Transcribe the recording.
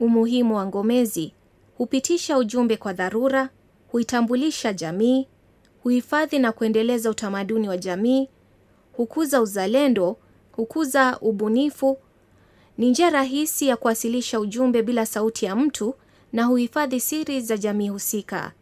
Umuhimu wa ngomezi: hupitisha ujumbe kwa dharura, huitambulisha jamii, huhifadhi na kuendeleza utamaduni wa jamii, hukuza uzalendo, hukuza ubunifu. Ni njia rahisi ya kuwasilisha ujumbe bila sauti ya mtu na huhifadhi siri za jamii husika.